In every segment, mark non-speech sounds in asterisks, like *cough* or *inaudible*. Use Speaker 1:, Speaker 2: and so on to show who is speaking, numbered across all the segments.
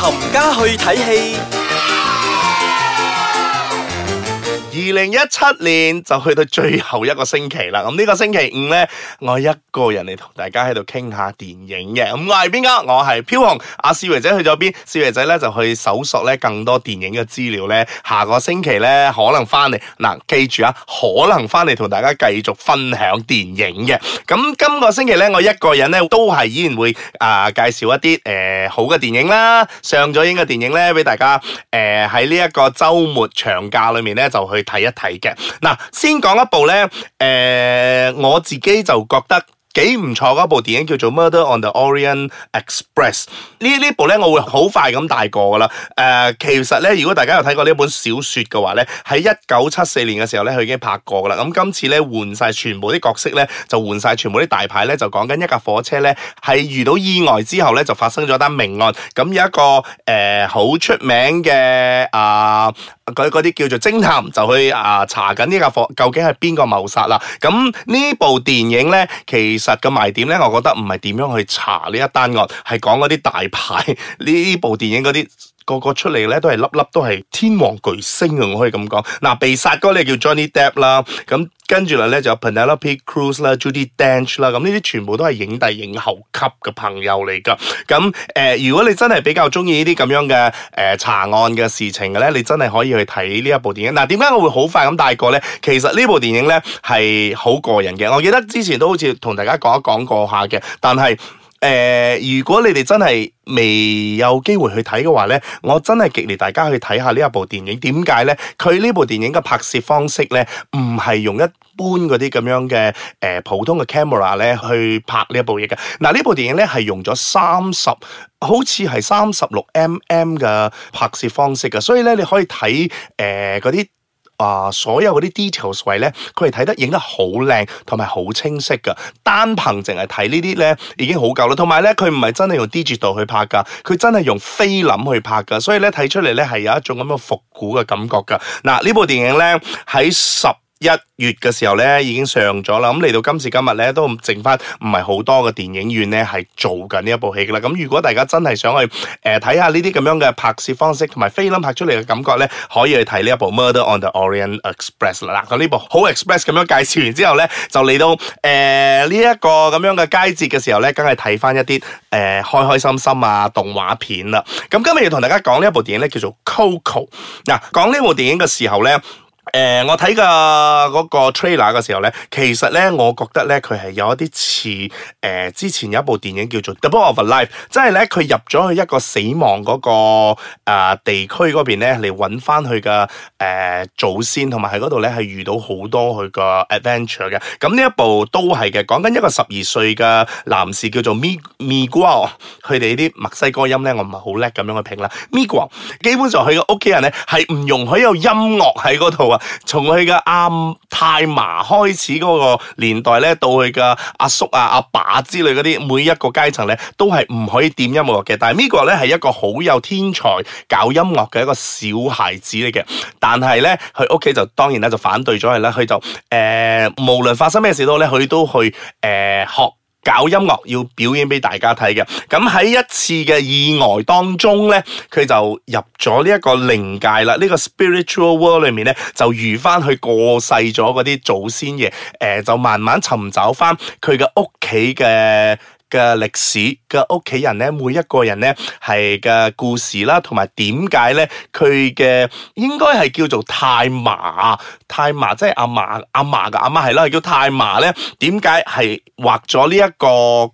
Speaker 1: 冚家去睇戲。二零一七年就去到最後一個星期啦，咁呢個星期五呢，我一個人嚟同大家喺度傾下電影嘅。咁我係邊個？我係飄紅。阿少爺仔去咗邊？少爺仔呢就去搜索呢更多電影嘅資料呢。下個星期呢可能翻嚟嗱，記住啊，可能翻嚟同大家繼續分享電影嘅。咁今個星期呢，我一個人呢都係依然會啊介紹一啲誒好嘅電影啦，上咗映嘅電影呢俾大家誒喺呢一個周末長假裏面呢就去。睇一睇嘅，嗱，呃，先講一部咧，誒我自己就覺得，幾唔錯，嗰部電影叫做《Murder on the Orient Express》呢？呢部咧我會好快咁大過噶啦。誒、呃，其實咧，如果大家有睇過呢本小說嘅話咧，喺一九七四年嘅時候咧，佢已經拍過噶啦。咁、嗯、今次咧換晒全部啲角色咧，就換晒全部啲大牌咧，就講緊一架火車咧係遇到意外之後咧，就發生咗單命案。咁、嗯、有一個誒好、呃、出名嘅啊，嗰啲叫做偵探就去啊查緊呢架火究竟係邊個謀殺啦。咁、嗯、呢部電影咧其。其實嘅賣點咧，我覺得唔係點樣去查呢一單案，係講嗰啲大牌呢部電影嗰啲。個個出嚟咧都係粒粒都係天王巨星啊！我可以咁講，嗱、啊、被殺嗰個咧叫 Johnny Depp 啦、啊，咁跟住咧就有 Penelope Cruz 啦、啊、Judy Dench 啦、啊，咁呢啲全部都係影帝影后級嘅朋友嚟噶。咁、啊、誒，如果你真係比較中意呢啲咁樣嘅誒、啊、查案嘅事情嘅咧，你真係可以去睇呢一部電影。嗱、啊，點解我會好快咁帶過咧？其實呢部電影咧係好過癮嘅，我記得之前都好似同大家講一講過一下嘅，但係，誒、呃，如果你哋真係未有機會去睇嘅話咧，我真係極力大家去睇下呢一部電影。點解咧？佢呢部電影嘅拍攝方式咧，唔係用一般嗰啲咁樣嘅誒、呃、普通嘅 camera 咧去拍呢一部嘢嘅。嗱、呃，呢部電影咧係用咗三十，好似係三十六 mm 嘅拍攝方式嘅，所以咧你可以睇誒嗰啲。呃啊！Uh, 所有嗰啲 details 位咧，佢係睇得影得好靚，同埋好清晰噶。單憑淨係睇呢啲呢，已經好夠啦。同埋呢，佢唔係真係用 digital 去拍噶，佢真係用菲林、um、去拍噶。所以呢，睇出嚟呢係有一種咁嘅復古嘅感覺噶。嗱，呢部電影呢，喺十。一月嘅時候咧，已經上咗啦。咁、嗯、嚟到今時今日咧，都剩翻唔係好多嘅電影院咧，係做緊呢一部戲噶啦。咁如果大家真係想去誒睇下呢啲咁樣嘅拍攝方式，同埋菲林拍出嚟嘅感覺咧，可以去睇呢一部《Murder on the Orient Express》啦。嗱，呢部好 express 咁樣介紹完之後咧，就嚟到誒呢一個咁樣嘅佳節嘅時候咧，梗係睇翻一啲誒、呃、開開心心啊動畫片啦。咁、嗯、今日要同大家講呢一部電影咧，叫做《Coco》。嗱，講呢部電影嘅時候咧。誒、呃，我睇嘅個 trailer 嘅時候咧，其實咧，我覺得咧，佢係有一啲似誒，之前有一部電影叫做《The Book of Life》，即係咧，佢入咗去一個死亡、嗰個誒、呃、地區邊咧，嚟揾翻佢嘅誒祖先，同埋喺度咧係遇到好多佢個 adventure 嘅。咁呢一部都係嘅，講緊一個十二歲嘅男士叫做 Mi Miguel 佢哋啲墨西哥音咧，我唔係好叻咁樣去拼啦。Miguel 基本上佢嘅屋企人咧係唔容許有音樂喺度啊。從佢嘅阿太嫲開始嗰個年代咧，到佢嘅阿叔啊、阿爸、爸之類嗰啲，每一個階層咧，都係唔可以掂音樂嘅。但係 Miguel 咧係一個好有天才搞音樂嘅一個小孩子嚟嘅，但係咧佢屋企就當然咧就反對咗佢啦。佢就誒、呃，無論發生咩事都好，咧，佢都去誒、呃、學。搞音樂要表演俾大家睇嘅，咁喺一次嘅意外當中呢，佢就入咗呢一個靈界啦，呢個 spiritual world 裏面呢，就如翻佢過世咗嗰啲祖先嘅，誒、呃、就慢慢尋找翻佢嘅屋企嘅。嘅歷史嘅屋企人咧，每一個人咧係嘅故事啦，同埋點解咧佢嘅應該係叫做太嫲。太嫲即係阿嫲。阿嫲嘅阿媽係啦，叫太嫲咧，點解係畫咗呢一個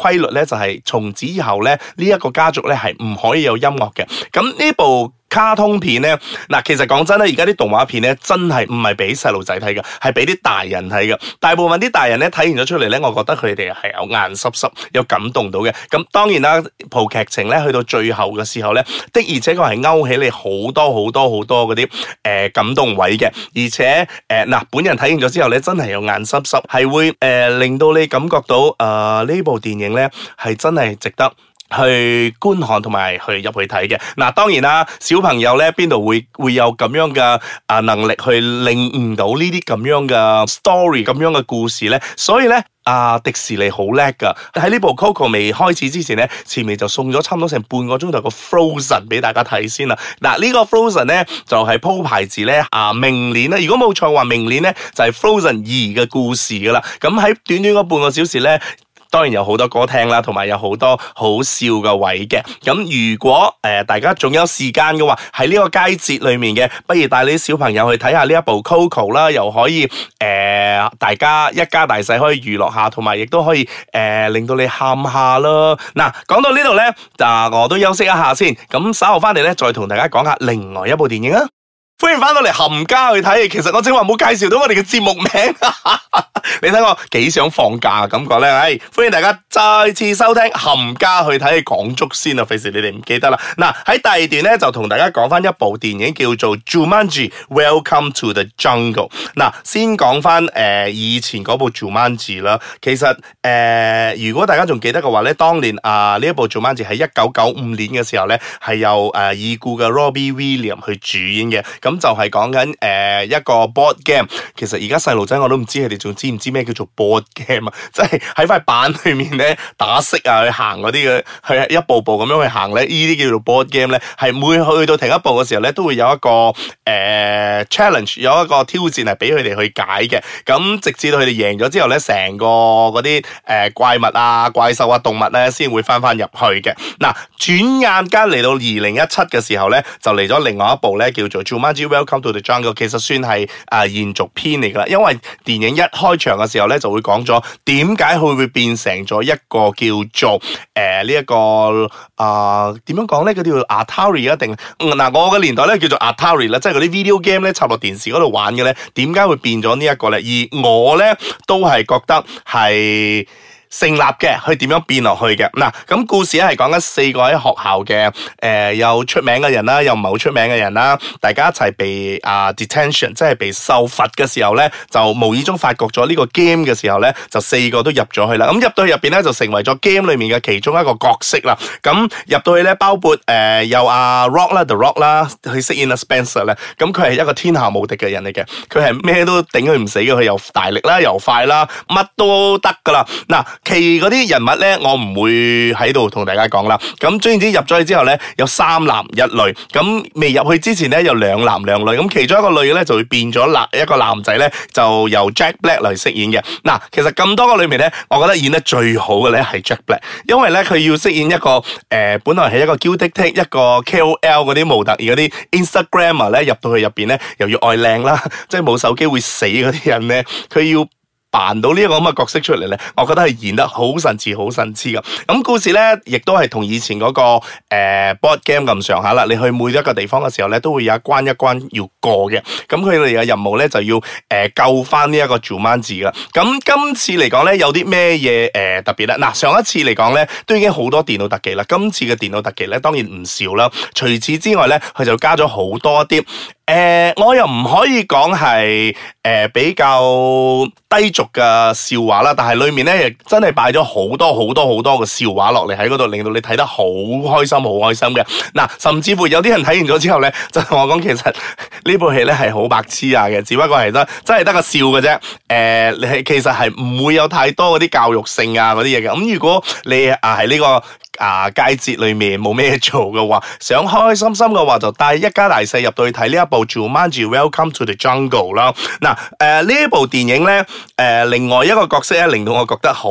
Speaker 1: 規律咧？就係從此以後咧，呢一個家族咧係唔可以有音樂嘅。咁呢部。卡通片呢，嗱，其實講真咧，而家啲動畫片呢，真係唔係俾細路仔睇嘅，係俾啲大人睇嘅。大部分啲大人呢，睇完咗出嚟呢，我覺得佢哋係有眼濕濕，有感動到嘅。咁當然啦，部、啊、劇情呢，去到最後嘅時候呢，的而且確係勾起你好多好多好多嗰啲誒感動位嘅。而且誒嗱、呃，本人睇完咗之後呢，真係有眼濕濕，係會誒、呃、令到你感覺到啊呢、呃、部電影呢，係真係值得。去觀看同埋去入去睇嘅。嗱，當然啦，小朋友咧邊度會會有咁樣嘅啊能力去領悟到呢啲咁樣嘅 story 咁樣嘅故事咧，所以咧阿、啊、迪士尼好叻噶，喺呢部 Coco 未開始之前咧，前面就送咗差唔多成半個鐘頭個 Frozen 俾大家睇先啦。嗱，呢個 Frozen 咧就係鋪排咧，啊明年啦，如果冇錯話明年咧就係 Frozen 二嘅故事噶啦。咁喺短短個半個小時咧，當然有好多歌聽啦，同埋有好多好笑嘅位嘅。咁如果誒、呃、大家仲有時間嘅話，喺呢個佳節裏面嘅，不如帶你啲小朋友去睇下呢一部 Coco 啦，又可以誒、呃、大家一家大細可以娛樂下，同埋亦都可以誒、呃、令到你喊下咯。嗱，講到呢度咧，嗱我都休息一下先，咁稍後翻嚟咧再同大家講下另外一部電影啊。歡迎翻到嚟，冚家去睇，其實我正話冇介紹到我哋嘅節目名，哈哈，你睇我幾想放假感覺咧，係、哎、歡迎大家再次收聽冚家去睇講足先啊，費事你哋唔記得啦。嗱，喺第二段咧就同大家講翻一部電影叫做《Jumanji》，Welcome to the Jungle。嗱，先講翻誒以前嗰部《Jumanji》啦。其實誒、呃、如果大家仲記得嘅話咧，當年啊呢一部《Jumanji》喺一九九五年嘅時候咧係由誒、呃、已故嘅 Robbie Williams 去主演嘅。咁就係講緊誒一個 board game，其實而家細路仔我都唔知佢哋仲知唔知咩叫做 board game 啊！即係喺塊板裏面咧打色啊，去行嗰啲嘅，佢一步步咁樣去行咧，呢啲叫做 board game 咧，係每去到停一步嘅時候咧，都會有一個誒、呃、challenge，有一個挑戰係俾佢哋去解嘅。咁直至到佢哋贏咗之後咧，成個嗰啲誒怪物啊、怪獸啊、動物咧，先會翻翻入去嘅。嗱，轉眼間嚟到二零一七嘅時候咧，就嚟咗另外一部咧叫做《《Welcome to the Jungle》其實算係啊延續篇嚟㗎啦，因為電影一開場嘅時候咧，就會講咗點解佢會變成咗一個叫做誒、呃這個呃、呢一個啊點樣講咧？嗰啲叫 Atari 一定，嗱我個年代咧叫做 Atari 啦，呃、Atari，即係嗰啲 video game 咧，插落電視嗰度玩嘅咧，點解會變咗呢一個咧？而我咧都係覺得係。成立嘅，佢點樣變落去嘅？嗱，咁故事咧係講緊四個喺學校嘅，誒、呃，又出名嘅人啦，又唔係好出名嘅人啦。大家一齊被啊、呃、detention，即係被受罰嘅時候咧，就無意中發覺咗呢個 game 嘅時候咧，就四個都入咗去啦。咁入到去入邊咧，就成為咗 game 裏面嘅其中一個角色啦。咁入到去咧，包括誒、呃，有阿、啊、Rock 啦，The Rock 啦，去飾演阿 Spencer 咧。咁佢係一個天下無敵嘅人嚟嘅，佢係咩都頂佢唔死嘅，佢又大力啦，又快啦，乜都得㗎啦。嗱。其嗰啲人物咧，我唔會喺度同大家講啦。咁，總言之，入咗去之後咧，有三男一女。咁未入去之前咧，有兩男兩女。咁其中一個女嘅咧，就會變咗男一個男仔咧，就由 Jack Black 嚟飾演嘅。嗱，其實咁多個裏面咧，我覺得演得最好嘅咧係 Jack Black，因為咧佢要飾演一個誒、呃，本來係一個嬌滴滴，一個 KOL 嗰啲模特而嗰啲 Instagrammer 咧入到去入邊咧，又要愛靚啦，即係冇手機會死嗰啲人咧，佢要。扮到呢一個咁嘅角色出嚟咧，我覺得係演得好神似，好神似噶。咁故事咧，亦都係同以前嗰、那個誒、呃、board game 咁上下啦。你去每一個地方嘅時候咧，都會有一關一關要過嘅。咁佢哋嘅任務咧，就要誒、呃、救翻呢一個 Jumanji 噶。咁今次嚟講咧，有啲咩嘢誒特別咧？嗱，上一次嚟講咧，都已經好多電腦特技啦。今次嘅電腦特技咧，當然唔少啦。除此之外咧，佢就加咗好多啲。誒、呃，我又唔可以講係誒比較低俗嘅笑話啦，但係裏面咧真係擺咗好多好多好多嘅笑話落嚟喺嗰度，令到你睇得好開心，好開心嘅。嗱、啊，甚至乎有啲人睇完咗之後咧，就同我講，其實 *laughs* 部戲呢部戲咧係好白痴啊嘅，只不過係得真係得個笑嘅啫。誒、呃，你其實係唔會有太多嗰啲教育性啊嗰啲嘢嘅。咁、嗯、如果你啊係呢、這個。啊！佳節裏面冇咩做嘅話，想開開心心嘅話，就帶一家大細入去睇呢一部《Jumanji Welcome to the Jungle》啦。嗱、啊，誒、呃、呢一部電影咧，誒、呃、另外一個角色咧，令到我覺得好誒，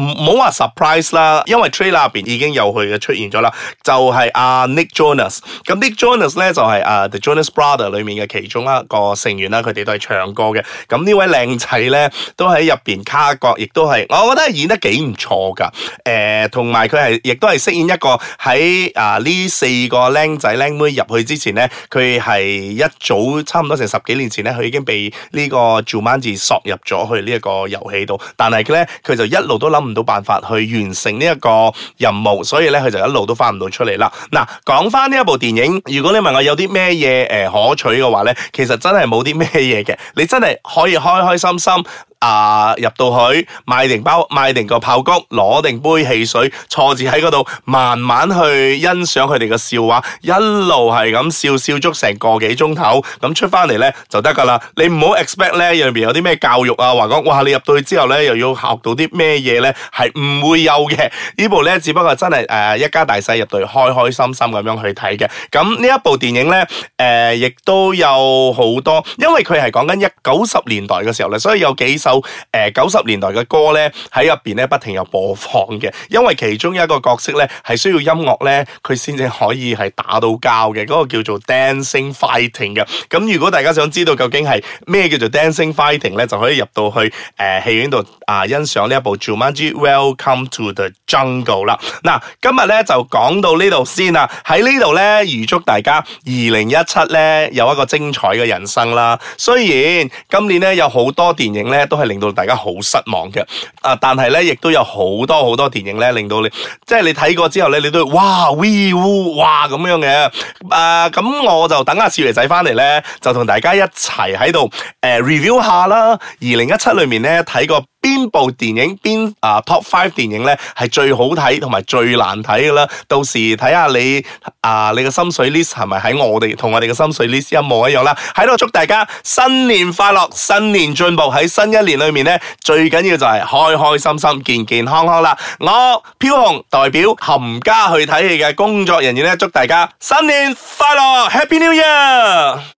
Speaker 1: 唔好話 surprise 啦，因為 trailer 裏邊已經有佢嘅出現咗啦。就係、是、阿、啊、Nick Jonas，咁 Nick Jonas 咧就係、是、啊 The Jonas Brothers 裏面嘅其中一個成員啦，佢哋都係唱歌嘅。咁呢位靚仔咧都喺入邊卡角，亦都係我覺得演得幾唔錯噶。誒同埋。佢係亦都係飾演一個喺啊呢四個僆仔僆妹入去之前咧，佢係一早差唔多成十幾年前咧，佢已經被呢個 Jumanji 索入咗去呢一個遊戲度。但係佢咧，佢就一路都諗唔到辦法去完成呢一個任務，所以咧，佢就一路都翻唔到出嚟啦。嗱、啊，講翻呢一部電影，如果你問我有啲咩嘢誒可取嘅話咧，其實真係冇啲咩嘢嘅。你真係可以開開心心。啊！入到去，買定包，買定個爆谷，攞定杯汽水，坐住喺嗰度，慢慢去欣賞佢哋嘅笑話，一路係咁笑，笑足成個幾鐘頭。咁出翻嚟呢就得噶啦。你唔好 expect 呢入面有啲咩教育啊，話講哇！你入到去之後呢又要學到啲咩嘢呢，係唔會有嘅。呢部呢只不過真係誒一家大細入到去，開開心心咁樣去睇嘅。咁呢一部電影呢，誒亦都有好多，因為佢係講緊一九十年代嘅時候呢，所以有幾十。誒，九十年代嘅歌咧，喺入邊咧，不停有播放嘅，因為其中一個角色咧係需要音樂咧，佢先至可以係打到交嘅，嗰個叫做 Dancing Fighting 嘅。咁如果大家想知道究竟係咩叫做 Dancing Fighting 咧，就可以入到去誒戲院度啊欣賞呢一部《Jumanji Welcome to the Jungle》啦。嗱，今日咧就講到呢度先啦。喺呢度咧，預祝大家二零一七咧有一個精彩嘅人生啦。雖然今年咧有好多電影咧都係。係令到大家好失望嘅，啊、呃！但係咧，亦都有好多好多電影咧，令到你，即係你睇過之後咧，你都會哇，wee 嗚，哇咁樣嘅，啊、呃！咁我就等阿少爺仔翻嚟咧，就同大家一齊喺度誒、呃、review 下啦。二零一七裏面咧睇過，邊部電影邊啊 Top Five 電影呢，係最好睇同埋最難睇嘅啦，到時睇下你啊你嘅心水 list 係咪喺我哋同我哋嘅心水 list 一模一樣啦。喺度祝大家新年快樂，新年進步。喺新一年裏面呢，最緊要就係開開心心、健健康康啦。我飄紅代表冚家去睇戲嘅工作人員咧，祝大家新年快樂，Happy New Year！